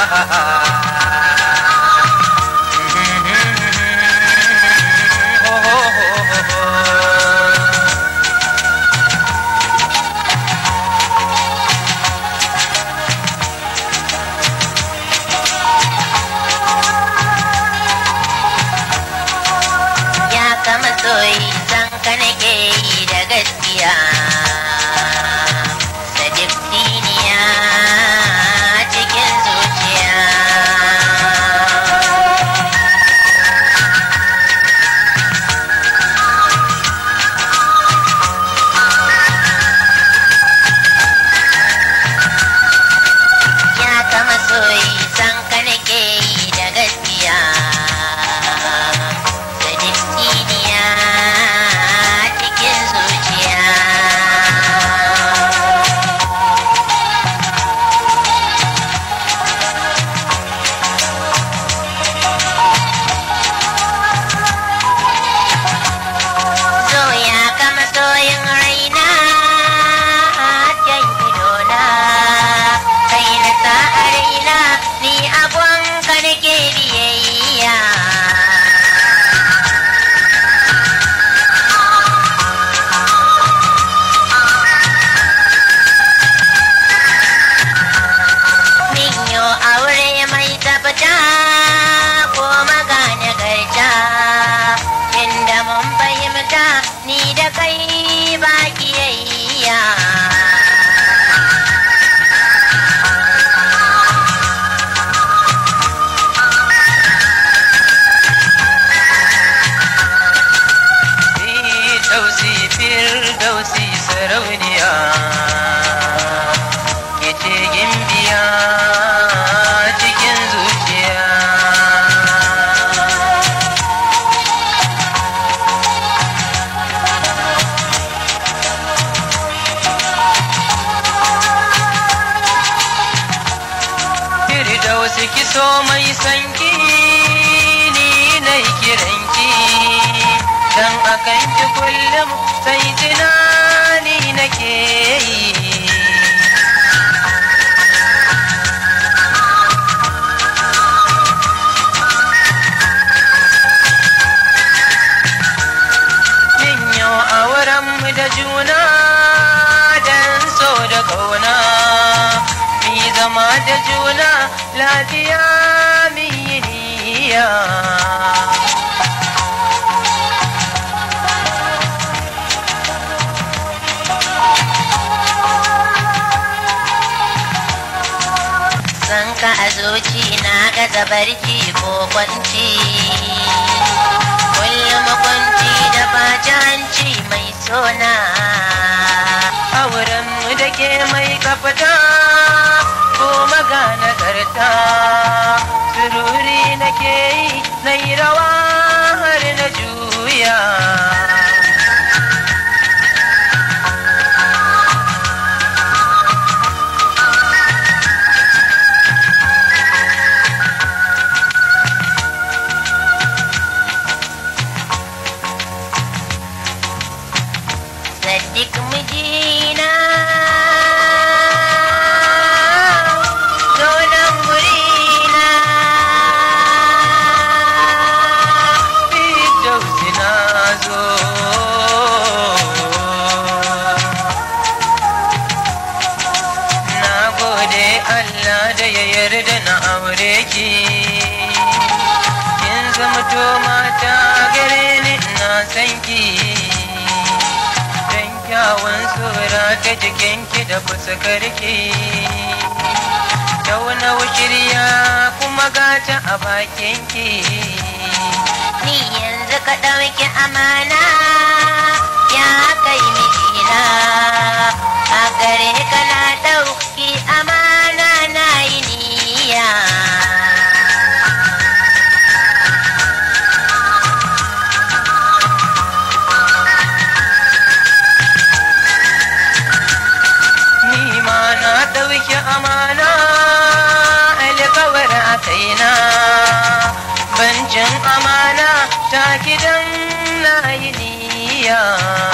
ha ha ha so mai sanki ni na kiranki dan akan ki kullum sai tunani ke yi zama da juna lafiya mai niyya ka a zoci na gaza barci ko kwanci kullum kwanci da hanci mai sona ta sururi nake yi na yi rawa fito mata gare ni na sanki don kyawun tsora ta jikinki da fusakarki tauna shirya kuma gata a bakinki ni yanzu ka ɗauki amana ya kai mijina a gare ka na ɗauki amana ki amana alkawar kaina ban jin amana ta gidan na yi niyya